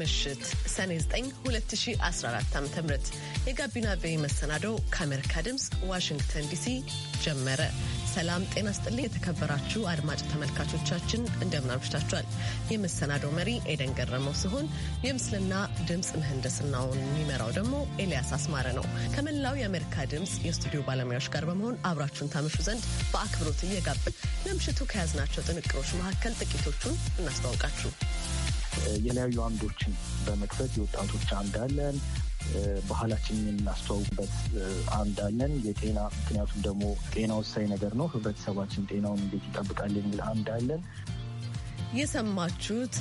ምሽት ሰኔ 9 2014 ዓ ም የጋቢና ቬ መሰናዶው ከአሜሪካ ድምፅ ዋሽንግተን ዲሲ ጀመረ። ሰላም ጤና ስጥልኝ። የተከበራችሁ አድማጭ ተመልካቾቻችን እንደምን አምሽታችኋል? የመሰናዶው መሪ ኤደን ገረመው ሲሆን የምስልና ድምፅ ምህንድስናውን የሚመራው ደግሞ ኤልያስ አስማረ ነው። ከመላው የአሜሪካ ድምፅ የስቱዲዮ ባለሙያዎች ጋር በመሆን አብራችሁን ታመሹ ዘንድ በአክብሮት እየጋበዝን ለምሽቱ ከያዝናቸው ጥንቅሮች መካከል ጥቂቶቹን እናስተዋውቃችሁ። የተለያዩ አምዶችን በመክፈት የወጣቶች አምድ አለን፣ ባህላችንን የምናስተዋውቅበት አምድ አለን። የጤና ምክንያቱም ደግሞ ጤና ወሳኝ ነገር ነው። ህብረተሰባችን ጤናውን እንዴት ይጠብቃል የሚል አምድ አለን። የሰማችሁት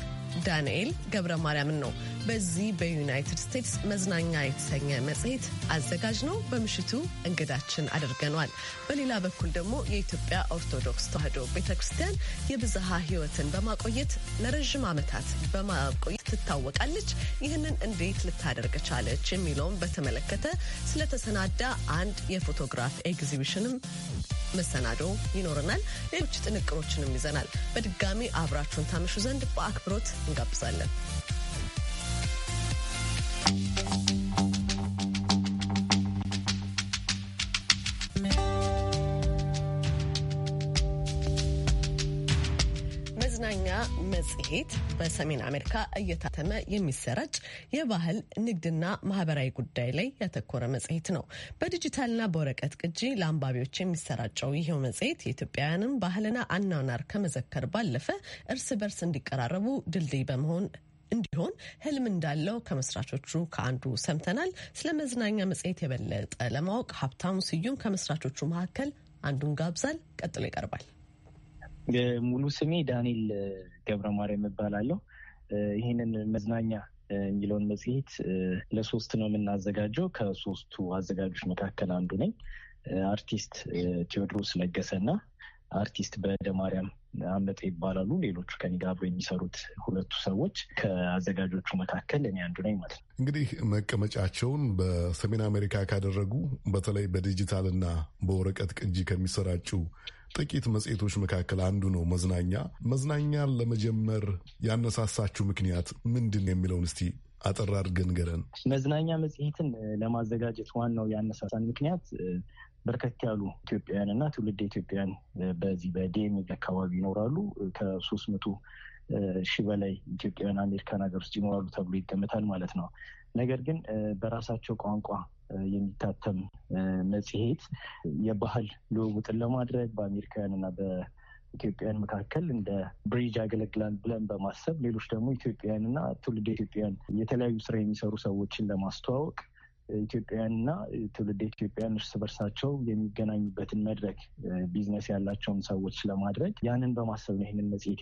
ዳንኤል ገብረ ማርያምን ነው። በዚህ በዩናይትድ ስቴትስ መዝናኛ የተሰኘ መጽሔት አዘጋጅ ነው በምሽቱ እንግዳችን አድርገኗል። በሌላ በኩል ደግሞ የኢትዮጵያ ኦርቶዶክስ ተዋሕዶ ቤተ ክርስቲያን የብዝሃ ሕይወትን በማቆየት ለረዥም ዓመታት በማቆየት ትታወቃለች። ይህንን እንዴት ልታደርግ ቻለች የሚለውን በተመለከተ ስለተሰናዳ አንድ የፎቶግራፍ ኤግዚቢሽንም መሰናዶ ይኖረናል። ሌሎች ጥንቅሮችንም ይዘናል። በድጋሚ አብራችሁን ታመሹ ዘንድ በአክብሮት እንጋብዛለን። መዝናኛ መጽሔት በሰሜን አሜሪካ እየታተመ የሚሰራጭ የባህል ንግድና ማህበራዊ ጉዳይ ላይ ያተኮረ መጽሔት ነው። በዲጂታልና በወረቀት ቅጂ ለአንባቢዎች የሚሰራጨው ይኸው መጽሔት የኢትዮጵያውያንን ባህልና አኗኗር ከመዘከር ባለፈ እርስ በርስ እንዲቀራረቡ ድልድይ በመሆን እንዲሆን ህልም እንዳለው ከመስራቾቹ ከአንዱ ሰምተናል። ስለ መዝናኛ መጽሔት የበለጠ ለማወቅ ሀብታሙ ስዩም ከመስራቾቹ መካከል አንዱን ጋብዛል። ቀጥሎ ይቀርባል። ሙሉ ስሜ ዳንኤል ገብረ ማርያም እባላለሁ። ይህንን መዝናኛ የሚለውን መጽሔት ለሶስት ነው የምናዘጋጀው። ከሶስቱ አዘጋጆች መካከል አንዱ ነኝ። አርቲስት ቴዎድሮስ ለገሰ እና አርቲስት በደማርያም አመጠ ይባላሉ። ሌሎቹ ከኔ ጋር አብሮ የሚሰሩት ሁለቱ ሰዎች ከአዘጋጆቹ መካከል እኔ አንዱ ነኝ ማለት ነው። እንግዲህ መቀመጫቸውን በሰሜን አሜሪካ ካደረጉ በተለይ በዲጂታልና በወረቀት ቅጂ ከሚሰራጩ ጥቂት መጽሔቶች መካከል አንዱ ነው መዝናኛ። መዝናኛን ለመጀመር ያነሳሳችሁ ምክንያት ምንድን የሚለውን እስቲ አጠራር አድርገን ገረን መዝናኛ መጽሔትን ለማዘጋጀት ዋናው ያነሳሳን ምክንያት በርከት ያሉ ኢትዮጵያውያን እና ትውልድ ኢትዮጵያውያን በዚህ በዲኤምግ አካባቢ ይኖራሉ። ከሶስት መቶ ሺህ በላይ ኢትዮጵያውያን አሜሪካን ሀገር ውስጥ ይኖራሉ ተብሎ ይገመታል ማለት ነው። ነገር ግን በራሳቸው ቋንቋ የሚታተም መጽሔት የባህል ልውውጥን ለማድረግ በአሜሪካውያን እና በኢትዮጵያውያን መካከል እንደ ብሪጅ ያገለግላል ብለን በማሰብ ሌሎች ደግሞ ኢትዮጵያውያን እና ትውልድ ኢትዮጵያውያን የተለያዩ ስራ የሚሰሩ ሰዎችን ለማስተዋወቅ ኢትዮጵያውያንና ትውልድ ኢትዮጵያውያን እርስ በርሳቸው የሚገናኙበትን መድረክ ቢዝነስ ያላቸውን ሰዎች ለማድረግ ያንን በማሰብ ነው ይህንን መጽሔት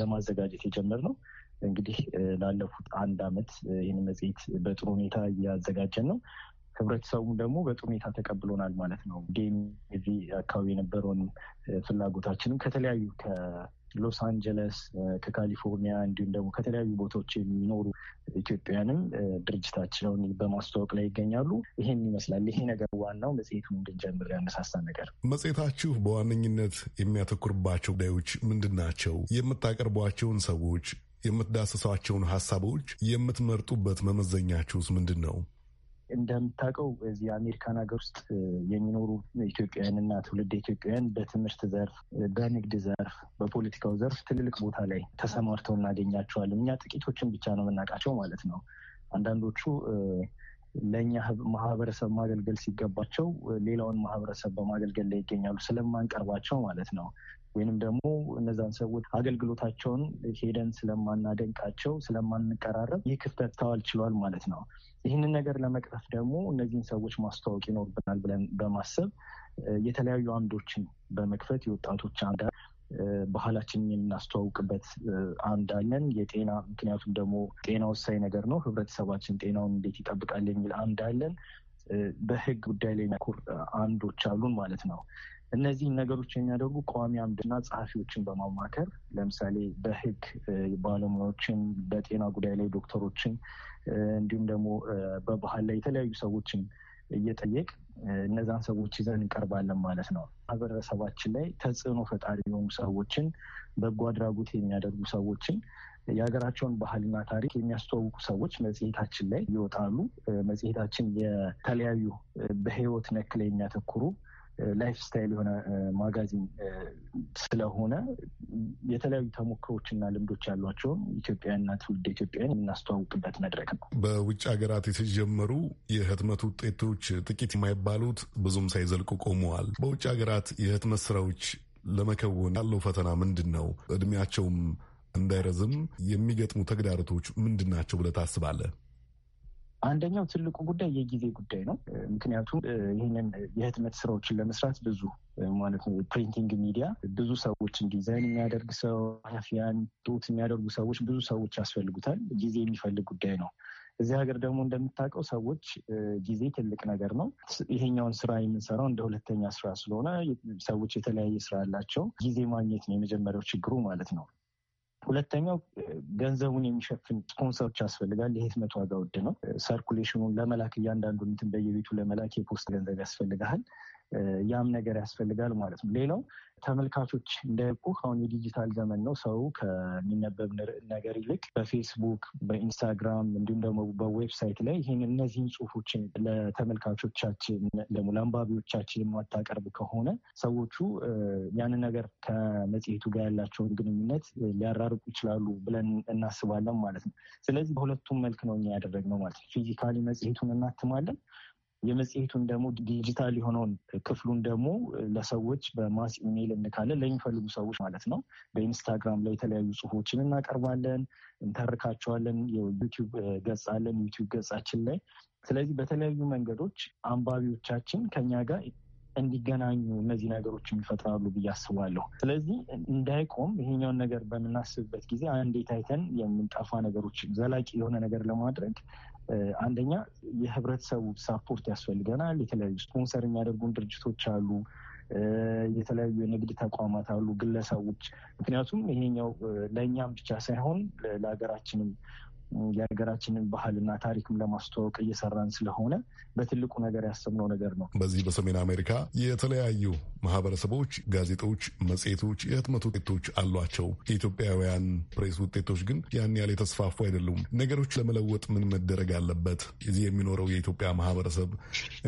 ለማዘጋጀት የጀመርነው። እንግዲህ ላለፉት አንድ አመት ይህን መጽሄት በጥሩ ሁኔታ እያዘጋጀን ነው። ህብረተሰቡም ደግሞ በጥሩ ሁኔታ ተቀብሎናል ማለት ነው። ጌም እዚህ አካባቢ የነበረውን ፍላጎታችንም ከተለያዩ ሎስ አንጀለስ ከካሊፎርኒያ እንዲሁም ደግሞ ከተለያዩ ቦታዎች የሚኖሩ ኢትዮጵያውያንም ድርጅታቸውን በማስተዋወቅ ላይ ይገኛሉ። ይሄን ይመስላል። ይሄ ነገር ዋናው መጽሔቱን እንድንጀምር ያነሳሳ ነገር። መጽሔታችሁ በዋነኝነት የሚያተኩርባቸው ጉዳዮች ምንድን ናቸው? የምታቀርቧቸውን ሰዎች የምትዳስሷቸውን ሀሳቦች የምትመርጡበት መመዘኛችሁስ ምንድን ነው? እንደምታውቀው እዚህ አሜሪካን ሀገር ውስጥ የሚኖሩ ኢትዮጵያውያን እና ትውልድ ኢትዮጵያውያን በትምህርት ዘርፍ፣ በንግድ ዘርፍ፣ በፖለቲካው ዘርፍ ትልልቅ ቦታ ላይ ተሰማርተው እናገኛቸዋለን። እኛ ጥቂቶችን ብቻ ነው የምናውቃቸው ማለት ነው። አንዳንዶቹ ለእኛ ማህበረሰብ ማገልገል ሲገባቸው ሌላውን ማህበረሰብ በማገልገል ላይ ይገኛሉ ስለማንቀርባቸው ማለት ነው። ወይንም ደግሞ እነዛን ሰዎች አገልግሎታቸውን ሄደን ስለማናደንቃቸው፣ ስለማንቀራረብ ይህ ክፍተት ተዋል ችሏል ማለት ነው። ይህንን ነገር ለመቅረፍ ደግሞ እነዚህን ሰዎች ማስተዋወቅ ይኖርብናል ብለን በማሰብ የተለያዩ አምዶችን በመክፈት የወጣቶች አንዳ ባህላችንን የምናስተዋውቅበት አንዳለን የጤና ምክንያቱም ደግሞ ጤና ወሳኝ ነገር ነው። ህብረተሰባችን ጤናውን እንዴት ይጠብቃል የሚል አንዳለን በህግ ጉዳይ ላይ የሚያተኩር አምዶች አሉን ማለት ነው። እነዚህን ነገሮች የሚያደርጉ ቋሚ አምድና ጸሐፊዎችን በማማከር ለምሳሌ በህግ ባለሙያዎችን፣ በጤና ጉዳይ ላይ ዶክተሮችን፣ እንዲሁም ደግሞ በባህል ላይ የተለያዩ ሰዎችን እየጠየቅ እነዛን ሰዎች ይዘን እንቀርባለን ማለት ነው። ማህበረሰባችን ላይ ተጽዕኖ ፈጣሪ የሆኑ ሰዎችን፣ በጎ አድራጎት የሚያደርጉ ሰዎችን የሀገራቸውን ባህልና ታሪክ የሚያስተዋውቁ ሰዎች መጽሔታችን ላይ ይወጣሉ። መጽሔታችን የተለያዩ በህይወት ነክ ላይ የሚያተኩሩ ላይፍ ስታይል የሆነ ማጋዚን ስለሆነ የተለያዩ ተሞክሮችና ልምዶች ያሏቸውን ኢትዮጵያውያንና ትውልድ ኢትዮጵያን የምናስተዋውቅበት መድረክ ነው። በውጭ ሀገራት የተጀመሩ የህትመት ውጤቶች ጥቂት የማይባሉት ብዙም ሳይዘልቁ ቆመዋል። በውጭ ሀገራት የህትመት ስራዎች ለመከወን ያለው ፈተና ምንድን ነው? እድሜያቸውም እንዳይረዝም የሚገጥሙ ተግዳሮቶች ምንድን ናቸው ብለህ ታስባለህ? አንደኛው ትልቁ ጉዳይ የጊዜ ጉዳይ ነው። ምክንያቱም ይህንን የህትመት ስራዎችን ለመስራት ብዙ ማለት ነው ፕሪንቲንግ ሚዲያ ብዙ ሰዎችን ዲዛይን የሚያደርግ ሰው፣ ሀፊያን ጡት የሚያደርጉ ሰዎች ብዙ ሰዎች ያስፈልጉታል። ጊዜ የሚፈልግ ጉዳይ ነው። እዚህ ሀገር ደግሞ እንደምታውቀው ሰዎች ጊዜ ትልቅ ነገር ነው። ይሄኛውን ስራ የምንሰራው እንደ ሁለተኛ ስራ ስለሆነ ሰዎች የተለያየ ስራ አላቸው። ጊዜ ማግኘት ነው የመጀመሪያው ችግሩ ማለት ነው። ሁለተኛው ገንዘቡን የሚሸፍን ስፖንሰሮች ያስፈልጋል። የህትመት ዋጋ ውድ ነው። ሰርኩሌሽኑን ለመላክ እያንዳንዱ እንትን በየቤቱ ለመላክ የፖስት ገንዘብ ያስፈልግሃል። ያም ነገር ያስፈልጋል ማለት ነው። ሌላው ተመልካቾች እንዳልኩ አሁን የዲጂታል ዘመን ነው። ሰው ከሚነበብ ነገር ይልቅ በፌስቡክ፣ በኢንስታግራም እንዲሁም ደግሞ በዌብሳይት ላይ ይህን እነዚህን ጽሁፎችን ለተመልካቾቻችን ደግሞ ለአንባቢዎቻችን የማታቀርብ ከሆነ ሰዎቹ ያንን ነገር ከመጽሔቱ ጋር ያላቸውን ግንኙነት ሊያራርቁ ይችላሉ ብለን እናስባለን ማለት ነው። ስለዚህ በሁለቱም መልክ ነው እኛ ያደረግነው ማለት ነው። ፊዚካሊ መጽሔቱን እናትማለን የመጽሔቱን ደግሞ ዲጂታል የሆነውን ክፍሉን ደግሞ ለሰዎች በማስ ኢሜይል እንካለን ለሚፈልጉ ሰዎች ማለት ነው። በኢንስታግራም ላይ የተለያዩ ጽሁፎችን እናቀርባለን፣ እንተርካቸዋለን። የዩቲዩብ ገጽ አለን፣ ዩቲዩብ ገጻችን ላይ። ስለዚህ በተለያዩ መንገዶች አንባቢዎቻችን ከኛ ጋር እንዲገናኙ እነዚህ ነገሮች ይፈጥራሉ ብዬ አስባለሁ። ስለዚህ እንዳይቆም ይሄኛውን ነገር በምናስብበት ጊዜ አንዴ ታይተን የምንጠፋ ነገሮች ዘላቂ የሆነ ነገር ለማድረግ አንደኛ የህብረተሰቡ ሳፖርት ያስፈልገናል። የተለያዩ ስፖንሰር የሚያደርጉን ድርጅቶች አሉ። የተለያዩ የንግድ ተቋማት አሉ፣ ግለሰቦች። ምክንያቱም ይሄኛው ለእኛም ብቻ ሳይሆን ለሀገራችንም የሀገራችንን ባህልና ታሪክም ለማስተዋወቅ እየሰራን ስለሆነ በትልቁ ነገር ያሰብነው ነገር ነው። በዚህ በሰሜን አሜሪካ የተለያዩ ማህበረሰቦች ጋዜጦች፣ መጽሔቶች፣ የህትመት ውጤቶች አሏቸው። የኢትዮጵያውያን ፕሬስ ውጤቶች ግን ያን ያህል የተስፋፉ አይደሉም። ነገሮች ለመለወጥ ምን መደረግ አለበት? እዚህ የሚኖረው የኢትዮጵያ ማህበረሰብ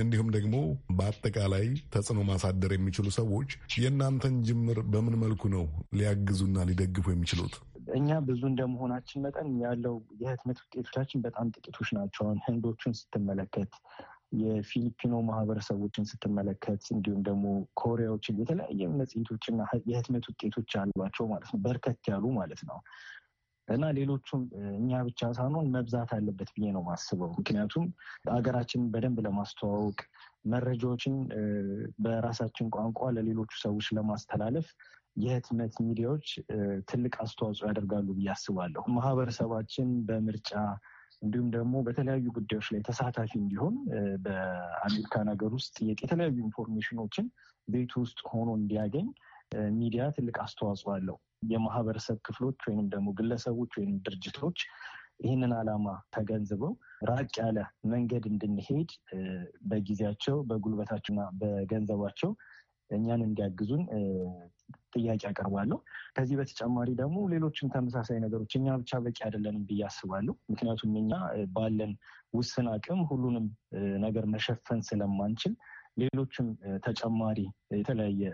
እንዲሁም ደግሞ በአጠቃላይ ተጽዕኖ ማሳደር የሚችሉ ሰዎች የእናንተን ጅምር በምን መልኩ ነው ሊያግዙና ሊደግፉ የሚችሉት? እኛ ብዙ እንደመሆናችን መጠን ያለው የህትመት ውጤቶቻችን በጣም ጥቂቶች ናቸው። አሁን ህንዶቹን ስትመለከት፣ የፊሊፒኖ ማህበረሰቦችን ስትመለከት፣ እንዲሁም ደግሞ ኮሪያዎችን የተለያየ መጽሔቶችና የህትመት ውጤቶች አሏቸው ማለት ነው፣ በርከት ያሉ ማለት ነው። እና ሌሎቹም እኛ ብቻ ሳንሆን መብዛት አለበት ብዬ ነው ማስበው። ምክንያቱም ሀገራችንን በደንብ ለማስተዋወቅ መረጃዎችን በራሳችን ቋንቋ ለሌሎቹ ሰዎች ለማስተላለፍ የህትመት ሚዲያዎች ትልቅ አስተዋጽኦ ያደርጋሉ ብዬ አስባለሁ። ማህበረሰባችን በምርጫ እንዲሁም ደግሞ በተለያዩ ጉዳዮች ላይ ተሳታፊ እንዲሆን በአሜሪካን ሀገር ውስጥ የተለያዩ ኢንፎርሜሽኖችን ቤቱ ውስጥ ሆኖ እንዲያገኝ ሚዲያ ትልቅ አስተዋጽኦ አለው። የማህበረሰብ ክፍሎች ወይም ደግሞ ግለሰቦች ወይም ድርጅቶች ይህንን ዓላማ ተገንዝበው ራቅ ያለ መንገድ እንድንሄድ በጊዜያቸው፣ በጉልበታቸውና በገንዘባቸው እኛን እንዲያግዙን ጥያቄ አቀርባለሁ። ከዚህ በተጨማሪ ደግሞ ሌሎችም ተመሳሳይ ነገሮች እኛ ብቻ በቂ አይደለንም ብዬ አስባለሁ። ምክንያቱም እኛ ባለን ውስን አቅም ሁሉንም ነገር መሸፈን ስለማንችል ሌሎችም ተጨማሪ የተለያየ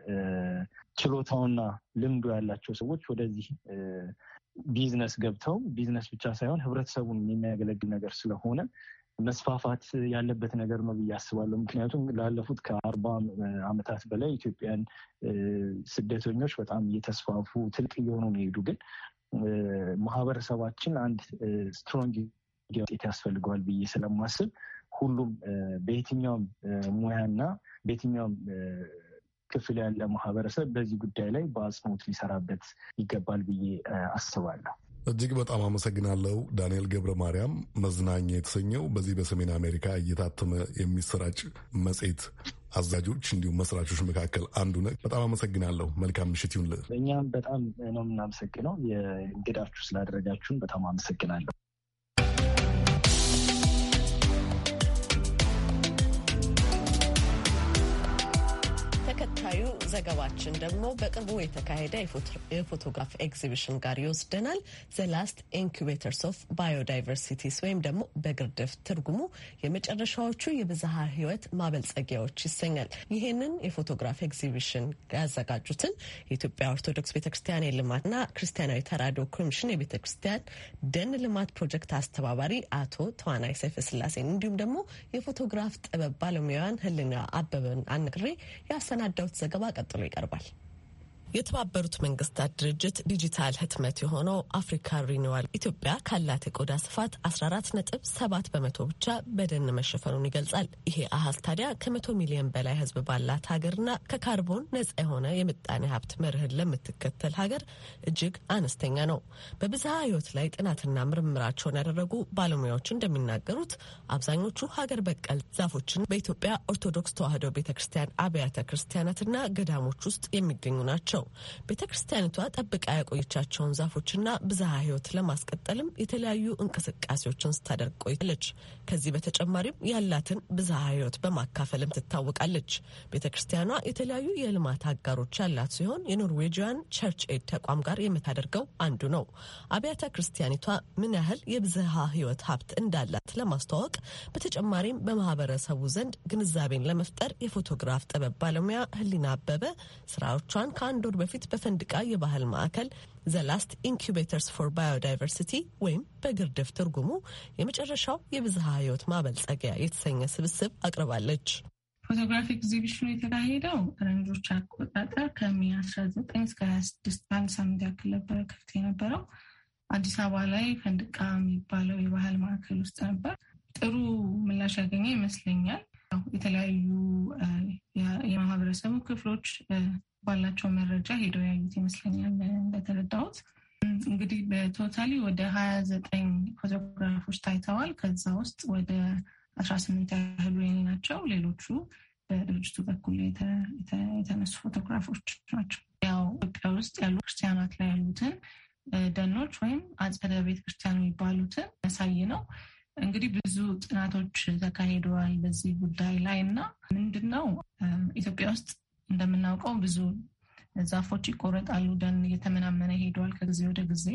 ችሎታውና ልምዱ ያላቸው ሰዎች ወደዚህ ቢዝነስ ገብተው ቢዝነስ ብቻ ሳይሆን ህብረተሰቡን የሚያገለግል ነገር ስለሆነ መስፋፋት ያለበት ነገር ነው ብዬ አስባለሁ። ምክንያቱም ላለፉት ከአርባ ዓመታት በላይ ኢትዮጵያን ስደተኞች በጣም እየተስፋፉ ትልቅ እየሆኑ ነው የሄዱ ግን ማህበረሰባችን አንድ ስትሮንግ ውጤት ያስፈልገዋል ብዬ ስለማስብ ሁሉም በየትኛውም ሙያና በየትኛውም ክፍል ያለ ማህበረሰብ በዚህ ጉዳይ ላይ በአጽንኦት ሊሰራበት ይገባል ብዬ አስባለሁ። እጅግ በጣም አመሰግናለሁ ዳንኤል ገብረ ማርያም። መዝናኛ የተሰኘው በዚህ በሰሜን አሜሪካ እየታተመ የሚሰራጭ መጽሔት አዛጆች እንዲሁም መስራቾች መካከል አንዱ ነ በጣም አመሰግናለሁ። መልካም ምሽት ይሁንልህ። እኛም በጣም ነው የምናመሰግነው። የእንግዳችሁ ስላደረጋችሁን በጣም አመሰግናለሁ። ዘገባችን ደግሞ በቅርቡ የተካሄደ የፎቶግራፍ ኤግዚቢሽን ጋር ይወስደናል። ዘላስት ኢንኩቤተርስ ኦፍ ባዮዳይቨርሲቲስ ወይም ደግሞ በግርድፍ ትርጉሙ የመጨረሻዎቹ የብዝሃ ህይወት ማበልጸጊያዎች ይሰኛል። ይህንን የፎቶግራፍ ኤግዚቢሽን ያዘጋጁትን የኢትዮጵያ ኦርቶዶክስ ቤተ ክርስቲያን የልማትና ክርስቲያናዊ ተራድኦ ኮሚሽን የቤተ ክርስቲያን ደን ልማት ፕሮጀክት አስተባባሪ አቶ ተዋናይ ሰይፈ ስላሴን እንዲሁም ደግሞ የፎቶግራፍ ጥበብ ባለሙያን ህልና አበበን አነግሬ ያሰናዳሁት ዘገባ ቀጥሎ Ricardo Paz. የተባበሩት መንግስታት ድርጅት ዲጂታል ህትመት የሆነው አፍሪካ ሪኒዋል ኢትዮጵያ ካላት የቆዳ ስፋት 14 ነጥብ 7 በመቶ ብቻ በደን መሸፈኑን ይገልጻል። ይሄ አሃዝ ታዲያ ከመቶ ሚሊዮን በላይ ህዝብ ባላት ሀገርና ከካርቦን ነጻ የሆነ የምጣኔ ሀብት መርህን ለምትከተል ሀገር እጅግ አነስተኛ ነው። በብዝሃ ህይወት ላይ ጥናትና ምርምራቸውን ያደረጉ ባለሙያዎች እንደሚናገሩት አብዛኞቹ ሀገር በቀል ዛፎችን በኢትዮጵያ ኦርቶዶክስ ተዋህዶ ቤተ ክርስቲያን አብያተ ክርስቲያናትና ገዳሞች ውስጥ የሚገኙ ናቸው። ቤተ ክርስቲያኒቷ ጠብቃ ያቆየቻቸውን ዛፎችና ብዝሃ ህይወት ለማስቀጠልም የተለያዩ እንቅስቃሴዎችን ስታደርግ ቆይታለች። ከዚህ በተጨማሪም ያላትን ብዝሃ ህይወት በማካፈልም ትታወቃለች። ቤተ ክርስቲያኗ የተለያዩ የልማት አጋሮች ያላት ሲሆን የኖርዌጂያን ቸርች ኤድ ተቋም ጋር የምታደርገው አንዱ ነው። አብያተ ክርስቲያኒቷ ምን ያህል የብዝሃ ህይወት ሀብት እንዳላት ለማስተዋወቅ በተጨማሪም በማህበረሰቡ ዘንድ ግንዛቤን ለመፍጠር የፎቶግራፍ ጥበብ ባለሙያ ህሊና አበበ ስራዎቿን ከአንድ ወር በፊት በፈንድቃ የባህል ማዕከል ዘላስት ኢንኩቤተርስ ፎር ባዮዳይቨርሲቲ ወይም በግርድፍ ትርጉሙ የመጨረሻው የብዝሃ ህይወት ማበልጸጊያ የተሰኘ ስብስብ አቅርባለች። ፎቶግራፊ ኤግዚቢሽኑ የተካሄደው ፈረንጆች አቆጣጠር ከሚ 19 እስከ 26 አንድ ሳምንት ያክል ነበረ ክፍት የነበረው አዲስ አበባ ላይ ፈንድቃ የሚባለው የባህል ማዕከል ውስጥ ነበር። ጥሩ ምላሽ ያገኘ ይመስለኛል። የተለያዩ የማህበረሰቡ ክፍሎች ባላቸው መረጃ ሄደው ያዩት ይመስለኛል እንደተረዳሁት። እንግዲህ በቶታሊ ወደ ሀያ ዘጠኝ ፎቶግራፎች ታይተዋል። ከዛ ውስጥ ወደ አስራ ስምንት ያህሉ የኔ ናቸው። ሌሎቹ በድርጅቱ በኩል የተነሱ ፎቶግራፎች ናቸው። ያው ኢትዮጵያ ውስጥ ያሉ ክርስቲያናት ላይ ያሉትን ደኖች ወይም አጸደ ቤተ ክርስቲያን የሚባሉትን ያሳይ ነው። እንግዲህ ብዙ ጥናቶች ተካሂደዋል በዚህ ጉዳይ ላይ እና ምንድን ነው ኢትዮጵያ ውስጥ እንደምናውቀው ብዙ ዛፎች ይቆረጣሉ፣ ደን እየተመናመነ ሄደዋል ከጊዜ ወደ ጊዜ።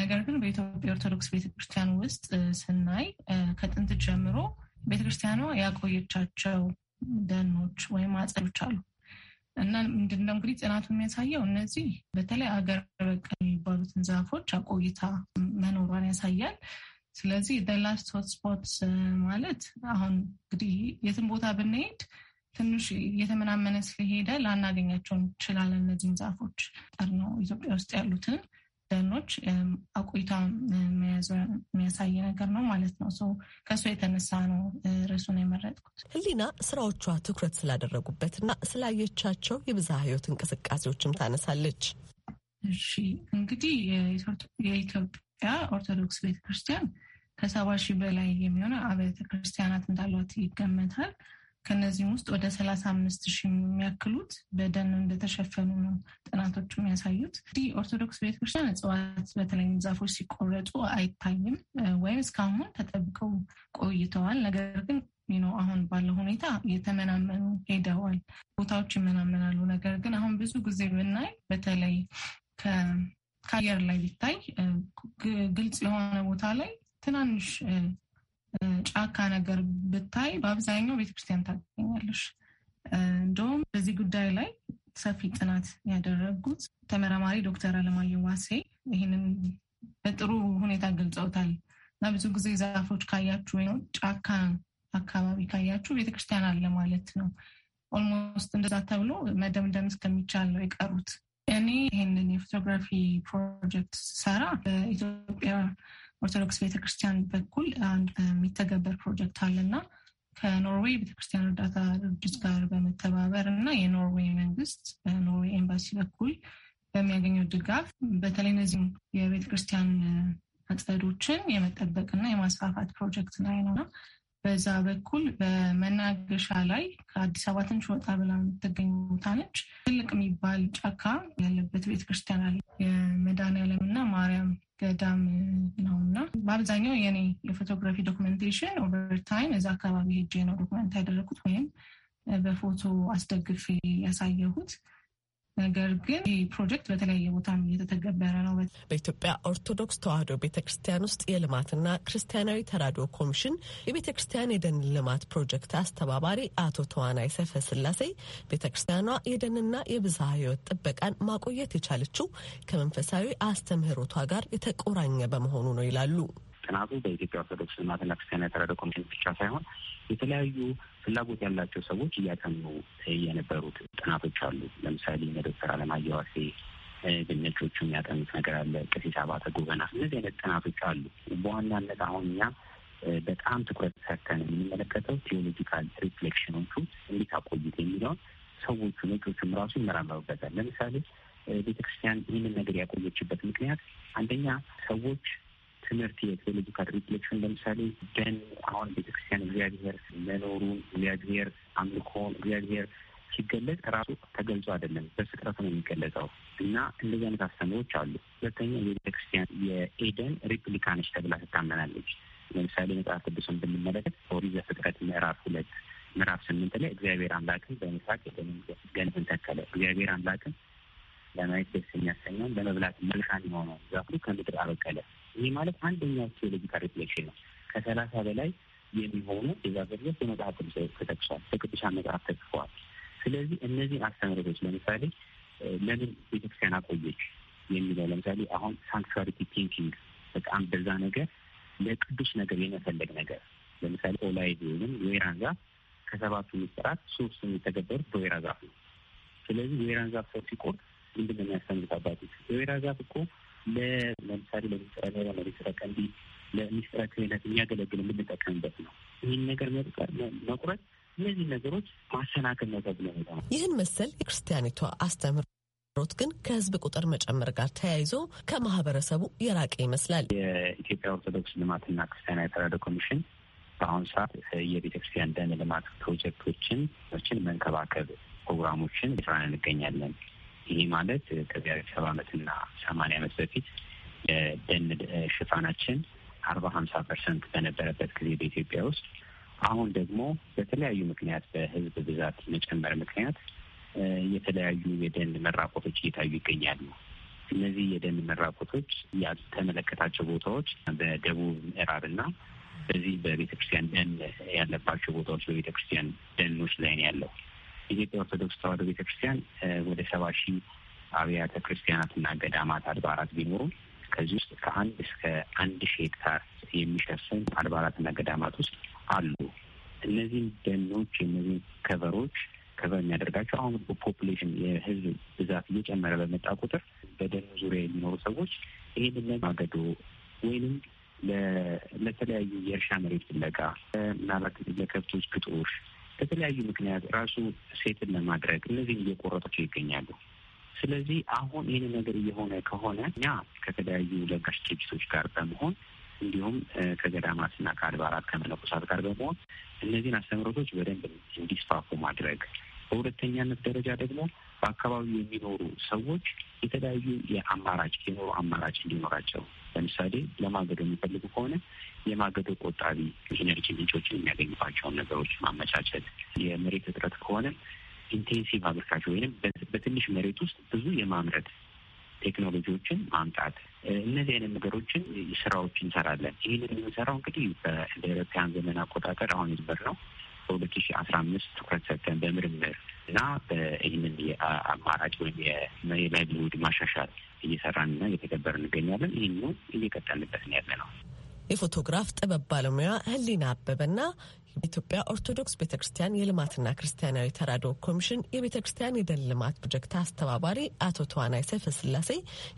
ነገር ግን በኢትዮጵያ ኦርቶዶክስ ቤተክርስቲያን ውስጥ ስናይ ከጥንት ጀምሮ ቤተክርስቲያኗ ያቆየቻቸው ደኖች ወይም አጸዶች አሉ እና ምንድነው እንግዲህ ጥናቱ የሚያሳየው እነዚህ በተለይ አገር በቀል የሚባሉትን ዛፎች አቆይታ መኖሯን ያሳያል። ስለዚህ ደላስት ሆትስፖት ማለት አሁን እንግዲህ የትም ቦታ ብንሄድ ትንሽ እየተመናመነ ስለሄደ ላናገኛቸው እንችላለን። እነዚህን ዛፎች ጠር ነው ኢትዮጵያ ውስጥ ያሉትን ደኖች አቆይታ የሚያሳይ ነገር ነው ማለት ነው። ሰው ከእሱ የተነሳ ነው ርዕሱን የመረጥኩት። ህሊና ስራዎቿ ትኩረት ስላደረጉበት እና ስላየቻቸው የብዝሃ ህይወት እንቅስቃሴዎችም ታነሳለች። እሺ እንግዲህ የኢትዮጵያ ኦርቶዶክስ ቤተክርስቲያን ከሰባ ሺህ በላይ የሚሆነ አብያተ ክርስቲያናት እንዳሏት ይገመታል። ከነዚህም ውስጥ ወደ ሰላሳ አምስት ሺህ የሚያክሉት በደን እንደተሸፈኑ ነው ጥናቶቹ የሚያሳዩት። እንዲህ ኦርቶዶክስ ቤተክርስቲያን እጽዋት በተለይም ዛፎች ሲቆረጡ አይታይም ወይም እስካሁን ተጠብቀው ቆይተዋል። ነገር ግን ነው አሁን ባለው ሁኔታ የተመናመኑ ሄደዋል። ቦታዎች ይመናመናሉ። ነገር ግን አሁን ብዙ ጊዜ ብናይ በተለይ ከአየር ላይ ቢታይ ግልጽ የሆነ ቦታ ላይ ትናንሽ ጫካ ነገር ብታይ በአብዛኛው ቤተክርስቲያን ታገኛለሽ። እንደውም በዚህ ጉዳይ ላይ ሰፊ ጥናት ያደረጉት ተመራማሪ ዶክተር አለማየሁ ዋሴ ይህንን በጥሩ ሁኔታ ገልጸውታል። እና ብዙ ጊዜ ዛፎች ካያችሁ ወይም ጫካ አካባቢ ካያችሁ ቤተክርስቲያን አለ ማለት ነው። ኦልሞስት እንደዛ ተብሎ መደምደም እስከሚቻል ነው የቀሩት። እኔ ይህንን የፎቶግራፊ ፕሮጀክት ሰራ በኢትዮጵያ ኦርቶዶክስ ቤተክርስቲያን በኩል አንድ የሚተገበር ፕሮጀክት አለና ከኖርዌይ ቤተክርስቲያን እርዳታ ድርጅት ጋር በመተባበር እና የኖርዌይ መንግስት በኖርዌይ ኤምባሲ በኩል በሚያገኘው ድጋፍ በተለይ እነዚህም የቤተክርስቲያን አጸዶችን የመጠበቅና የማስፋፋት ፕሮጀክት ላይ ነው። በዛ በኩል በመናገሻ ላይ ከአዲስ አበባ ትንሽ ወጣ ብላ የምትገኝ ቦታ ነች። ትልቅ የሚባል ጫካ ያለበት ቤተክርስቲያን አለ። የመድኃኔዓለም እና ማርያም ገዳም ነው እና በአብዛኛው የኔ የፎቶግራፊ ዶክመንቴሽን ኦቨርታይም እዛ አካባቢ ሄጄ ነው ዶክመንት ያደረኩት ወይም በፎቶ አስደግፌ ያሳየሁት። ነገር ግን ይህ ፕሮጀክት በተለያየ ቦታ እየተተገበረ ነው። በኢትዮጵያ ኦርቶዶክስ ተዋሕዶ ቤተ ክርስቲያን ውስጥ የልማትና ክርስቲያናዊ ተራድኦ ኮሚሽን የቤተ ክርስቲያን የደን ልማት ፕሮጀክት አስተባባሪ አቶ ተዋናይ ሰፈ ስላሴ ቤተ ክርስቲያኗ የደንና የብዝሃ ሕይወት ጥበቃን ማቆየት የቻለችው ከመንፈሳዊ አስተምህሮቷ ጋር የተቆራኘ በመሆኑ ነው ይላሉ። ጥናቱ በኢትዮጵያ ኦርቶዶክስ ልማትና ክርስቲያናዊ ተራድኦ ኮሚሽን ብቻ ሳይሆን የተለያዩ ፍላጎት ያላቸው ሰዎች እያጠኑ የነበሩት ጥናቶች አሉ። ለምሳሌ እነ ዶክተር አለማየሁ ዋሴ ድነቾቹ የሚያጠኑት ነገር አለ። ቀሲስ አባተ ጎበና፣ እነዚህ አይነት ጥናቶች አሉ። በዋናነት አሁን እኛ በጣም ትኩረት ሰጥተን የምንመለከተው ቴዎሎጂካል ሪፍሌክሽኖቹ እንዴት አቆዩት የሚለውን ሰዎቹ ነጮቹም ራሱ ይመራመሩበታል። ለምሳሌ ቤተክርስቲያን ይህንን ነገር ያቆየችበት ምክንያት አንደኛ ሰዎች ትምህርት የቴዎሎጂካል ሪፍሌክሽን ለምሳሌ ደን አሁን ቤተክርስቲያን እግዚአብሔር መኖሩን እግዚአብሔር አምልኮን እግዚአብሔር ሲገለጽ ራሱ ተገልጾ አይደለም፣ በፍጥረት ነው የሚገለጸው እና እንደዚህ አይነት አስተምሮች አሉ። ሁለተኛ የቤተክርስቲያን የኤደን ሪፕሊካ ነች ተብላ ትታመናለች። ለምሳሌ መጽሐፍ ቅዱስን ብንመለከት ኦሪት ዘፍጥረት ምዕራፍ ሁለት ምዕራፍ ስምንት ላይ እግዚአብሔር አምላክን በምስራቅ ኤደንን ገነትን ተከለ። እግዚአብሔር አምላክን ለማየት ደስ የሚያሰኘውን ለመብላት መልካም የሆነው ዛፍ ከምድር አበቀለ ይህ ማለት አንደኛው ቴዎሎጂካል ሪፍሌክሽን ነው። ከሰላሳ በላይ የሚሆኑ የዛ ዘርዘት የመጽሐፍ ቅዱስ ተጠቅሷል፣ በቅዱሳን መጽሐፍ ተጽፈዋል። ስለዚህ እነዚህ አስተምህሮቶች ለምሳሌ ለምን ቤተክርስቲያን አቆየች የሚለው ለምሳሌ አሁን ሳንክቹዋሪቲ ቲንኪንግ በጣም በዛ ነገር ለቅዱስ ነገር የመፈለግ ነገር ለምሳሌ ኦላይቭ ወይም ወይራን ዛፍ ከሰባቱ ምስጢራት ሶስቱ የሚተገበሩት በወይራ ዛፍ ነው። ስለዚህ ወይራን ዛፍ ሰው ሲቆርጥ ምንድን ነው የሚያስተምሩት አባቶች? የወይራ ዛፍ እኮ ለምሳሌ ለሚስጥረ ዜና፣ ለሚስጥረ ቀንዲ፣ ለሚስጥረ ክህነት የሚያገለግል የምንጠቀምበት ነው። ይህን ነገር መቁረጥ እነዚህ ነገሮች ማሰናከል ነው ተብሎ ይህን መሰል የክርስቲያኒቷ አስተምር ሮት ግን ከህዝብ ቁጥር መጨመር ጋር ተያይዞ ከማህበረሰቡ የራቀ ይመስላል። የኢትዮጵያ ኦርቶዶክስ ልማትና ክርስቲያናዊ ተራድኦ ኮሚሽን በአሁኑ ሰዓት የቤተ ክርስቲያን ደን ልማት ፕሮጀክቶችን ችን መንከባከብ ፕሮግራሞችን ስራን እንገኛለን። ይሄ ማለት ከዚያ ሰባ ዓመትና ሰማንያ ዓመት በፊት የደን ሽፋናችን አርባ ሀምሳ ፐርሰንት በነበረበት ጊዜ በኢትዮጵያ ውስጥ አሁን ደግሞ በተለያዩ ምክንያት በህዝብ ብዛት መጨመር ምክንያት የተለያዩ የደን መራቆቶች እየታዩ ይገኛሉ። እነዚህ የደን መራቆቶች ያልተመለከታቸው ቦታዎች በደቡብ ምዕራብና በዚህ በቤተክርስቲያን ደን ያለባቸው ቦታዎች በቤተክርስቲያን ደኖች ላይ ነው ያለው። የኢትዮጵያ ኦርቶዶክስ ተዋሕዶ ቤተክርስቲያን ወደ ሰባ ሺህ አብያተ ክርስቲያናትና ገዳማት አድባራት ቢኖሩም ከዚህ ውስጥ ከአንድ እስከ አንድ ሺህ ሄክታር የሚሸፍን አድባራትና ገዳማት ውስጥ አሉ። እነዚህም ደኖች እነዚህም ከቨሮች ከበር የሚያደርጋቸው አሁን ፖፑሌሽን የህዝብ ብዛት እየጨመረ በመጣ ቁጥር በደኑ ዙሪያ የሚኖሩ ሰዎች ይህንን ማገዶ ወይንም ለተለያዩ የእርሻ መሬት ፍለጋ ምናልባት ለከብቶች ግጦሽ በተለያዩ ምክንያት ራሱ ሴትን ለማድረግ እነዚህ እየቆረጧቸው ይገኛሉ። ስለዚህ አሁን ይህን ነገር እየሆነ ከሆነ እኛ ከተለያዩ ለጋሽ ድርጅቶች ጋር በመሆን እንዲሁም ከገዳማትና ከአድባራት ከመነኮሳት ጋር በመሆን እነዚህን አስተምህሮቶች በደንብ እንዲስፋፉ ማድረግ፣ በሁለተኛነት ደረጃ ደግሞ በአካባቢው የሚኖሩ ሰዎች የተለያዩ የአማራጭ የኖሩ አማራጭ እንዲኖራቸው ለምሳሌ ለማገዶ የሚፈልጉ ከሆነ የማገዶ ቆጣቢ ኢነርጂ ምንጮችን የሚያገኝባቸውን ነገሮች ማመቻቸት፣ የመሬት እጥረት ከሆነ ኢንቴንሲቭ አግሪካልቸር ወይም በትንሽ መሬት ውስጥ ብዙ የማምረት ቴክኖሎጂዎችን ማምጣት፣ እነዚህ አይነት ነገሮችን ስራዎች እንሰራለን። ይህንን የምንሰራው እንግዲህ በአውሮፓውያን ዘመን አቆጣጠር አሁን ይዝበር ነው በሁለት ሺ አስራ አምስት ትኩረት ሰጥተን በምርምር እና በይህንን የአማራጭ ወይም የላይቭሊሁድ ማሻሻል እየሰራንና እየተገበር እንገኛለን። ይህኑ እየቀጠልንበት ነው ያለ ነው። የፎቶግራፍ ጥበብ ባለሙያ ህሊና አበበና የኢትዮጵያ ኦርቶዶክስ ቤተ ክርስቲያን የልማትና ክርስቲያናዊ ተራድኦ ኮሚሽን የቤተ ክርስቲያን የደን ልማት ፕሮጀክት አስተባባሪ አቶ ተዋናይ ሰይፈ ስላሴ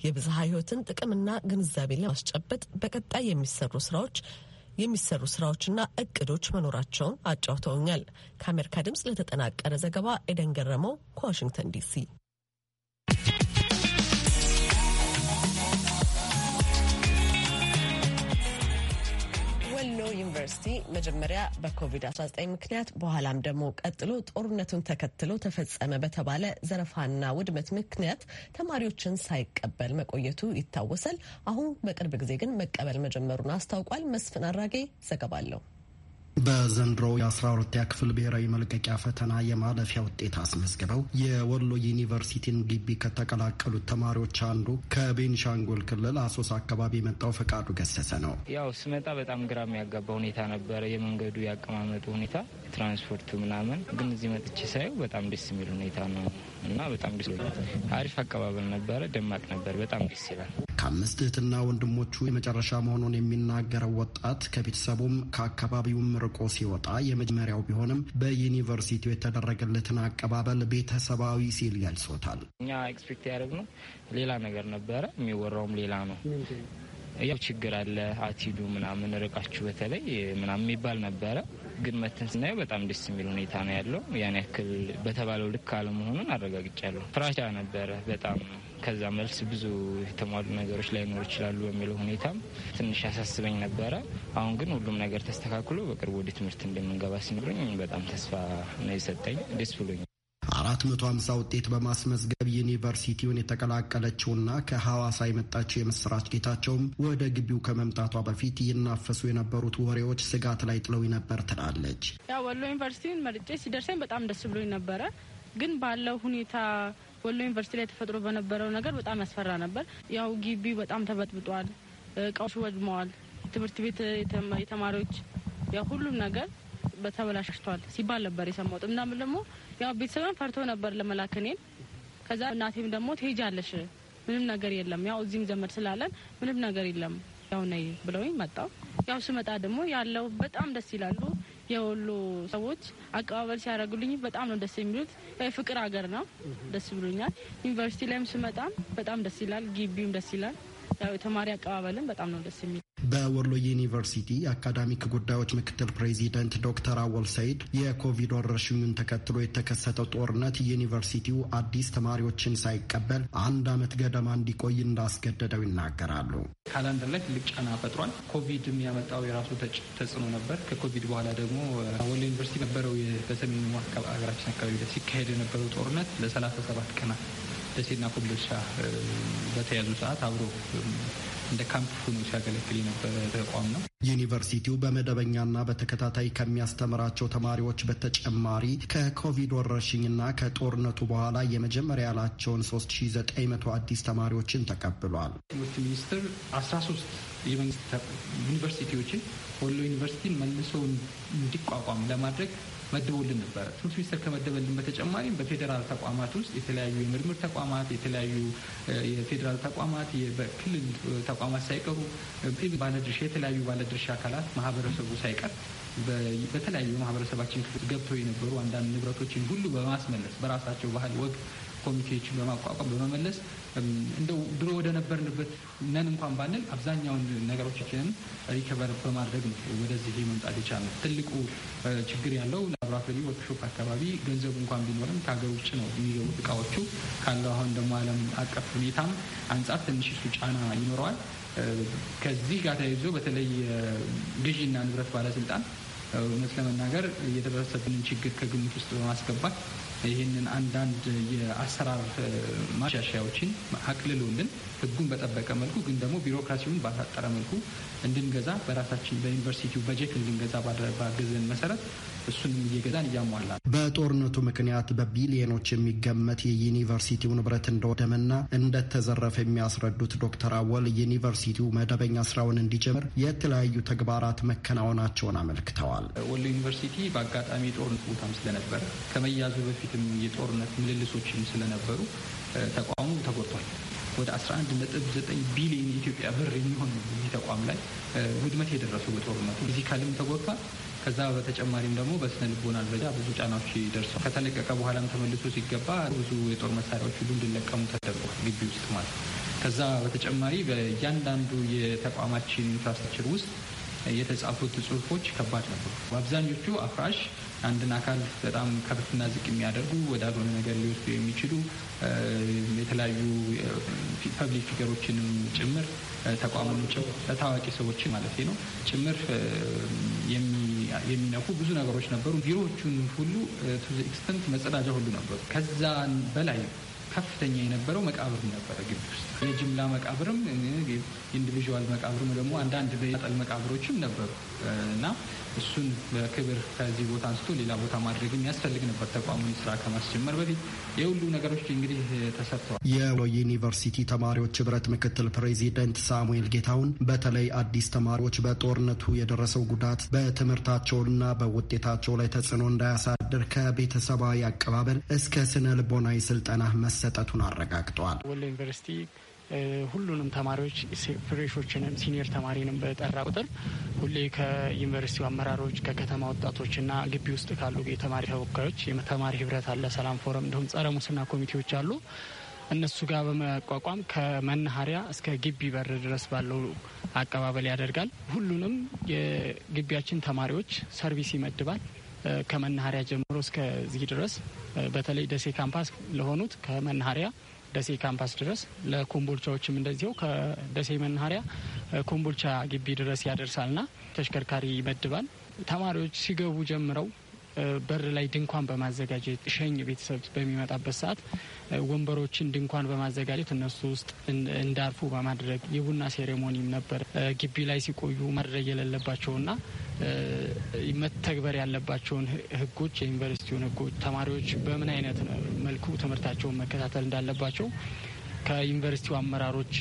የብዝሃ ህይወትን ጥቅምና ግንዛቤ ለማስጨበጥ በቀጣይ የሚሰሩ ስራዎች የሚሰሩ ስራዎችና እቅዶች መኖራቸውን አጫውተውኛል። ከአሜሪካ ድምጽ ለተጠናቀረ ዘገባ ኤደን ገረመው ከዋሽንግተን ዲሲ ዩኒቨርሲቲ መጀመሪያ በኮቪድ-19 ምክንያት በኋላም ደግሞ ቀጥሎ ጦርነቱን ተከትሎ ተፈጸመ በተባለ ዘረፋና ውድመት ምክንያት ተማሪዎችን ሳይቀበል መቆየቱ ይታወሳል። አሁን በቅርብ ጊዜ ግን መቀበል መጀመሩን አስታውቋል። መስፍን አራጌ ዘገባ አለው። በዘንድሮ የ12ኛ ክፍል ብሔራዊ መልቀቂያ ፈተና የማለፊያ ውጤት አስመዝግበው የወሎ ዩኒቨርሲቲን ግቢ ከተቀላቀሉት ተማሪዎች አንዱ ከቤንሻንጉል ክልል አሶሳ አካባቢ የመጣው ፈቃዱ ገሰሰ ነው። ያው ስመጣ በጣም ግራም ያጋባ ሁኔታ ነበረ፣ የመንገዱ ያቀማመጡ ሁኔታ፣ ትራንስፖርቱ ምናምን። ግን እዚህ መጥቼ ሳየው በጣም ደስ የሚል ሁኔታ ነው እና በጣም ደስ አሪፍ አቀባበል ነበረ። ደማቅ ነበር። በጣም ደስ ይላል። ከአምስት እህትና ወንድሞቹ የመጨረሻ መሆኑን የሚናገረው ወጣት ከቤተሰቡም ከአካባቢውም ተመርቆ ሲወጣ የመጀመሪያው ቢሆንም በዩኒቨርሲቲው የተደረገለትን አቀባበል ቤተሰባዊ ሲል ገልጾታል። እኛ ኤክስፔክት ያደረግነው ሌላ ነገር ነበረ፣ የሚወራውም ሌላ ነው። ያው ችግር አለ አቲዱ ምናምን ርቃችሁ በተለይ ምናምን የሚባል ነበረ። ግን መተን ስናየው በጣም ደስ የሚል ሁኔታ ነው ያለው። ያን ያክል በተባለው ልክ አለመሆኑን አረጋግጫለሁ። ፍራቻ ነበረ በጣም ነው ከዛ መልስ ብዙ የተሟሉ ነገሮች ላይኖር ይችላሉ በሚለው ሁኔታም ትንሽ ያሳስበኝ ነበረ። አሁን ግን ሁሉም ነገር ተስተካክሎ በቅርቡ ወደ ትምህርት እንደምንገባ ሲኖረኝ በጣም ተስፋ ነው የሰጠኝ። ደስ ብሎኛል። አራት መቶ ሀምሳ ውጤት በማስመዝገብ ዩኒቨርሲቲውን የተቀላቀለችውና ከሐዋሳ የመጣችው የምስራች ጌታቸውም ወደ ግቢው ከመምጣቷ በፊት ይናፈሱ የነበሩት ወሬዎች ስጋት ላይ ጥለው ነበር ትላለች። ያ ወሎ ዩኒቨርሲቲን መርጬ ሲደርሰኝ በጣም ደስ ብሎኝ ነበረ። ግን ባለው ሁኔታ ወሎ ዩኒቨርሲቲ ላይ ተፈጥሮ በነበረው ነገር በጣም ያስፈራ ነበር። ያው ግቢ በጣም ተበጥብጧል፣ እቃዎች ወድመዋል፣ ትምህርት ቤት የተማሪዎች ያው ሁሉም ነገር በተበላሽቷል ሲባል ነበር የሰማሁት። ምናምን ደግሞ ያው ቤተሰብን ፈርቶ ነበር ለመላክ ከዛ እናቴም ደግሞ ትሄጃለሽ፣ ምንም ነገር የለም፣ ያው እዚህም ዘመድ ስላለን ምንም ነገር የለም፣ ያው ነይ ብለውኝ መጣው። ያው ስመጣ ደግሞ ያለው በጣም ደስ ይላሉ የወሎ ሰዎች አቀባበል ሲያደርጉልኝ በጣም ነው ደስ የሚሉት። የፍቅር ሀገር ነው፣ ደስ ብሎኛል። ዩኒቨርሲቲ ላይም ስመጣም በጣም ደስ ይላል፣ ግቢውም ደስ ይላል። የተማሪ አቀባበልን በጣም ነው ደስ የሚል። በወሎ ዩኒቨርሲቲ የአካዳሚክ ጉዳዮች ምክትል ፕሬዚደንት ዶክተር አወል ሰይድ የኮቪድ ወረርሽኙን ተከትሎ የተከሰተው ጦርነት ዩኒቨርሲቲው አዲስ ተማሪዎችን ሳይቀበል አንድ ዓመት ገደማ እንዲቆይ እንዳስገደደው ይናገራሉ። ካላንደር ላይ ትልቅ ጫና ፈጥሯል። ኮቪድም ያመጣው የራሱ ተጽዕኖ ነበር። ከኮቪድ በኋላ ደግሞ ወሎ ዩኒቨርሲቲ ነበረው በሰሜኑ ሀገራችን አካባቢ ሲካሄድ የነበረው ጦርነት ለሰላሳ ሰባት ቀናት ደሴና ኮምቦልቻ በተያዙ ሰዓት አብሮ እንደ ካምፕ ሆኖ ሲያገለግል የነበረ ተቋም ነው። ዩኒቨርሲቲው በመደበኛና በተከታታይ ከሚያስተምራቸው ተማሪዎች በተጨማሪ ከኮቪድ ወረርሽኝና ከጦርነቱ በኋላ የመጀመሪያ ያላቸውን 3900 አዲስ ተማሪዎችን ተቀብሏል። ትምህርት ሚኒስቴር 13 የመንግስት ዩኒቨርሲቲዎችን ወሎ ዩኒቨርሲቲ መልሶ እንዲቋቋም ለማድረግ መድቦልን ነበረ። ትምህርት ሚኒስቴር ከመደበልን በተጨማሪም በፌዴራል ተቋማት ውስጥ የተለያዩ የምርምር ተቋማት፣ የተለያዩ የፌዴራል ተቋማት፣ በክልል ተቋማት ሳይቀሩ ባለድርሻ የተለያዩ ባለድርሻ አካላት ማህበረሰቡ ሳይቀር በተለያዩ ማህበረሰባችን ክፍል ገብተው የነበሩ አንዳንድ ንብረቶችን ሁሉ በማስመለስ በራሳቸው ባህል፣ ወግ ኮሚቴዎችን በማቋቋም በመመለስ እንደው ድሮ ወደ ነበርንበት ነን እንኳን ባንል አብዛኛውን ነገሮችን ሪከቨር በማድረግ ነው ወደዚህ መምጣት የቻልነው። ትልቁ ችግር ያለው ላብራቶሪ ወርክሾፕ አካባቢ ገንዘቡ እንኳን ቢኖርም ከሀገር ውጭ ነው የሚገቡ እቃዎቹ ካለው አሁን ደግሞ ዓለም አቀፍ ሁኔታም አንጻር ትንሽ እሱ ጫና ይኖረዋል። ከዚህ ጋር ተያይዞ በተለይ ግዢና ንብረት ባለስልጣን እውነት ለመናገር እየደረሰብንን ችግር ከግምት ውስጥ በማስገባት ይህንን አንዳንድ የአሰራር ማሻሻያዎችን አቅልሎልን ህጉን በጠበቀ መልኩ ግን ደግሞ ቢሮክራሲውን ባሳጠረ መልኩ እንድንገዛ በራሳችን በዩኒቨርሲቲው በጀት እንድንገዛ ባገዘን መሰረት እሱንም እየገዛን እያሟላ በጦርነቱ ምክንያት በቢሊዮኖች የሚገመት የዩኒቨርሲቲው ንብረት እንደወደመና እንደተዘረፈ የሚያስረዱት ዶክተር አወል ዩኒቨርሲቲው መደበኛ ስራውን እንዲጀምር የተለያዩ ተግባራት መከናወናቸውን አመልክተዋል። ወሎ ዩኒቨርሲቲ በአጋጣሚ የጦርነት ቦታም ስለነበረ ከመያዙ በፊትም የጦርነት ምልልሶችም ስለነበሩ ተቋሙ ተጎድቷል። ወደ 11.9 ቢሊዮን የኢትዮጵያ ብር የሚሆን ይህ ተቋም ላይ ውድመት የደረሱ በጦርነቱ ፊዚካልም ተጎድቷ ከዛ በተጨማሪም ደግሞ በስነ ልቦና ደረጃ ብዙ ጫናዎች ደርሰዋል። ከተለቀቀ በኋላም ተመልሶ ሲገባ ብዙ የጦር መሳሪያዎች ሁሉ እንዲለቀሙ ተደርጓል፣ ግቢ ውስጥ ማለት ነው። ከዛ በተጨማሪ በእያንዳንዱ የተቋማችን ኢንፍራስትራክቸር ውስጥ የተጻፉት ጽሁፎች ከባድ ነበሩ። በአብዛኞቹ አፍራሽ አንድን አካል በጣም ከፍና ዝቅ የሚያደርጉ ወዳልሆነ ነገር ሊወስዱ የሚችሉ የተለያዩ ፐብሊክ ፊገሮችንም ጭምር ተቋሙን ታዋቂ ሰዎችን ማለት ነው ጭምር የሚነኩ ብዙ ነገሮች ነበሩ። ቢሮዎቹን ሁሉ ቱ ኤክስተንት መጸዳጃ ሁሉ ነበሩ። ከዛ በላይ ከፍተኛ የነበረው መቃብር ነበረ ግቢ ውስጥ የጅምላ መቃብርም ኢንዲቪዥዋል መቃብርም ደግሞ አንዳንድ ጠል መቃብሮችም ነበሩ እና እሱን በክብር ከዚህ ቦታ አንስቶ ሌላ ቦታ ማድረግ የሚያስፈልግ ነበር። ተቋሙን ስራ ከማስጀመር በፊት የሁሉ ነገሮች እንግዲህ ተሰርተዋል። የወሎዬ ዩኒቨርሲቲ ተማሪዎች ህብረት ምክትል ፕሬዚደንት ሳሙኤል ጌታውን በተለይ አዲስ ተማሪዎች በጦርነቱ የደረሰው ጉዳት በትምህርታቸውና በውጤታቸው ላይ ተጽዕኖ እንዳያሳድር ከቤተሰባዊ አቀባበል እስከ ስነ ልቦናዊ ስልጠና መሰጠቱን አረጋግጠዋል። ወሎ ዩኒቨርሲቲ ሁሉንም ተማሪዎች ፍሬሾችንም ሲኒየር ተማሪንም በጠራ ቁጥር ሁሌ ከዩኒቨርሲቲው አመራሮች ከከተማ ወጣቶችና ግቢ ውስጥ ካሉ የተማሪ ተወካዮች የተማሪ ህብረት አለ፣ ሰላም ፎረም እንዲሁም ጸረ ሙስና ኮሚቴዎች አሉ። እነሱ ጋር በመቋቋም ከመናኸሪያ እስከ ግቢ በር ድረስ ባለው አቀባበል ያደርጋል። ሁሉንም የግቢያችን ተማሪዎች ሰርቪስ ይመድባል። ከመናኸሪያ ጀምሮ እስከዚህ ድረስ በተለይ ደሴ ካምፓስ ለሆኑት ከመናኸሪያ ደሴ ካምፓስ ድረስ ለኮምቦልቻዎችም እንደዚሁ ከደሴ መናኸሪያ ኮምቦልቻ ግቢ ድረስ ያደርሳልና ተሽከርካሪ ይመድባል። ተማሪዎች ሲገቡ ጀምረው በር ላይ ድንኳን በማዘጋጀት ሸኝ ቤተሰብ በሚመጣበት ሰዓት ወንበሮችን ድንኳን በማዘጋጀት እነሱ ውስጥ እንዳርፉ በማድረግ የቡና ሴሬሞኒም ነበር። ግቢ ላይ ሲቆዩ ማድረግ የሌለባቸውና መተግበር ያለባቸውን ህጎች፣ የዩኒቨርሲቲውን ህጎች ተማሪዎች በምን አይነት መልኩ ትምህርታቸውን መከታተል እንዳለባቸው ከዩኒቨርሲቲው አመራሮች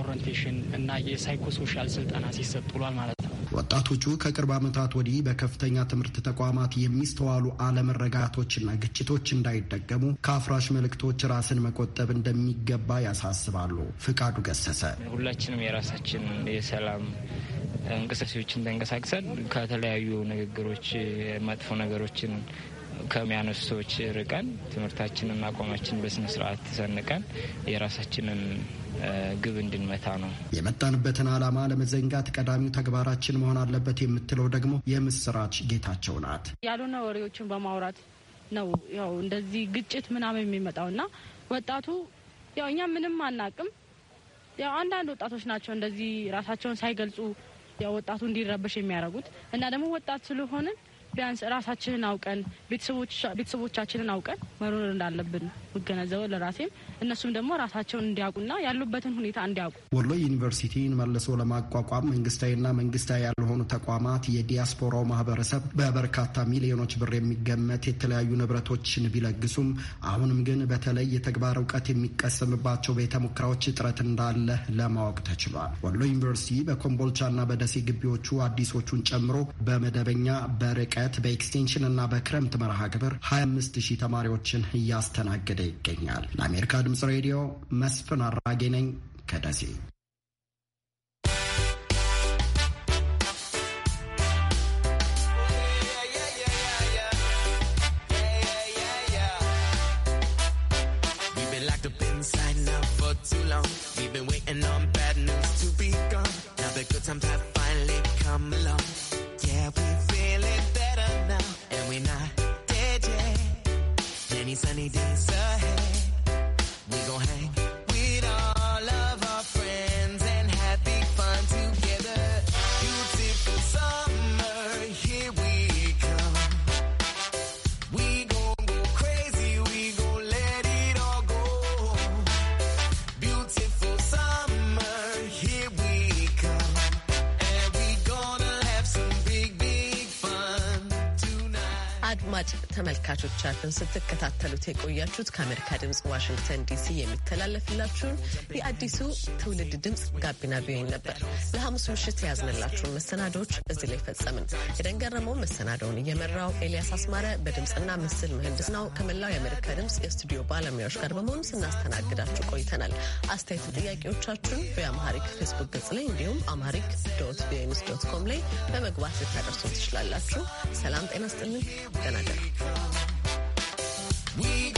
ኦሪንቴሽን እና የሳይኮሶሻል ስልጠና ሲሰጥ ውሏል ማለት ነው። ወጣቶቹ ከቅርብ ዓመታት ወዲህ በከፍተኛ ትምህርት ተቋማት የሚስተዋሉ አለመረጋቶችና ግጭቶች እንዳይደገሙ ከአፍራሽ መልእክቶች ራስን መቆጠብ እንደሚገባ ያሳስባሉ። ፍቃዱ ገሰሰ ሁላችንም የራሳችን የሰላም እንቅስቃሴዎችን ተንቀሳቅሰን ከተለያዩ ንግግሮች፣ መጥፎ ነገሮችን ከሚያነሱ ሰዎች ርቀን ትምህርታችንን አቋማችን በስነስርዓት ሰንቀን የራሳችንን ግብ እንድንመታ ነው። የመጣንበትን ዓላማ ለመዘንጋት ቀዳሚው ተግባራችን መሆን አለበት የምትለው ደግሞ የምስራች ጌታቸው ናት። ያልሆነ ወሬዎችን በማውራት ነው ያው እንደዚህ ግጭት ምናምን የሚመጣው እና ወጣቱ ያው እኛ ምንም አናቅም። ያው አንዳንድ ወጣቶች ናቸው እንደዚህ ራሳቸውን ሳይገልጹ ያው ወጣቱ እንዲረበሽ የሚያደርጉት እና ደግሞ ወጣት ስለሆንን ቢያንስ ራሳችንን አውቀን ቤተሰቦቻችንን አውቀን መኖር እንዳለብን መገነዘበው ለራሴም እነሱም ደግሞ ራሳቸውን እንዲያውቁና ያሉበትን ሁኔታ እንዲያውቁ። ወሎ ዩኒቨርሲቲን መልሶ ለማቋቋም መንግስታዊና መንግስታዊ ያልሆኑ ተቋማት የዲያስፖራው ማህበረሰብ በበርካታ ሚሊዮኖች ብር የሚገመት የተለያዩ ንብረቶችን ቢለግሱም አሁንም ግን በተለይ የተግባር እውቀት የሚቀሰምባቸው ቤተ ሙከራዎች እጥረት እንዳለ ለማወቅ ተችሏል። ወሎ ዩኒቨርሲቲ በኮምቦልቻና በደሴ ግቢዎቹ አዲሶቹን ጨምሮ በመደበኛ በርቀ በርቀት በኤክስቴንሽን እና በክረምት መርሃ ግብር 25 ሺህ ተማሪዎችን እያስተናገደ ይገኛል። ለአሜሪካ ድምጽ ሬዲዮ መስፍን አራጌ ነኝ ከደሴ። we feeling better now, and we're not dead yet. Many sunny days ahead, we gon' hang. አድማጭ ተመልካቾቻችን ስትከታተሉት የቆያችሁት ከአሜሪካ ድምፅ ዋሽንግተን ዲሲ የሚተላለፍላችሁን የአዲሱ ትውልድ ድምፅ ጋቢና ቪኦኤ ነበር። ለሐሙስ ምሽት የያዝንላችሁን መሰናዶዎች እዚህ ላይ ፈጸምን። የደንገረመው መሰናዶውን እየመራው ኤልያስ አስማረ በድምፅና ምስል ምህንድስናው ከመላው የአሜሪካ ድምፅ የስቱዲዮ ባለሙያዎች ጋር በመሆኑ ስናስተናግዳችሁ ቆይተናል። አስተያየት ጥያቄዎቻችሁን በአማሪክ ፌስቡክ ገጽ ላይ እንዲሁም አማሪክ ዶት ቪኦኤ ኒውስ ዶት ኮም ላይ በመግባት ልታደርሱ ትችላላችሁ። ሰላም ጤና ስጥልን። Canada. We